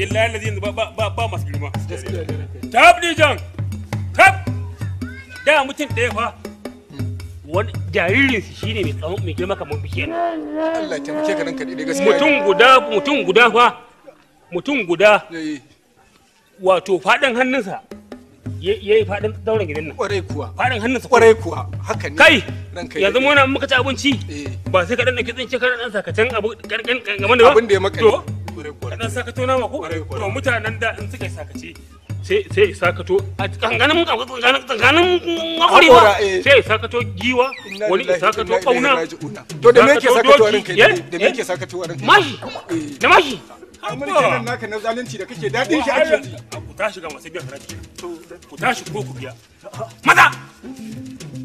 billahi lazi yanzu ba ba masu girma tab dijan tab da mutum ɗaya fa wani jaririn su mai tsawon mai girma kamar biki Allah gaskiya mutum guda mutum guda fa mutum guda wato faɗin hannunsa ya yi faɗin gidan nan kwarai kuwa faɗin hannunsa kwarai kuwa haka ne kai yanzu mu na muka ci abinci ba sai ka dan dake tsince ka can abu kankan gaban da ba abin da ya maka dan sakato nama ko to mutanen da in suka sakace sai sai sakato a kanganin kanganin makori ba eh. sai sakato giwa wani sakato kauna to da me yake sakato a ranka da me eh, eh. yake sakato a ranka mashi da mashi amurka nan naka na zalunci da kake shi ake ji ku tashi ga masu biyan ku tashi ko ku biya maza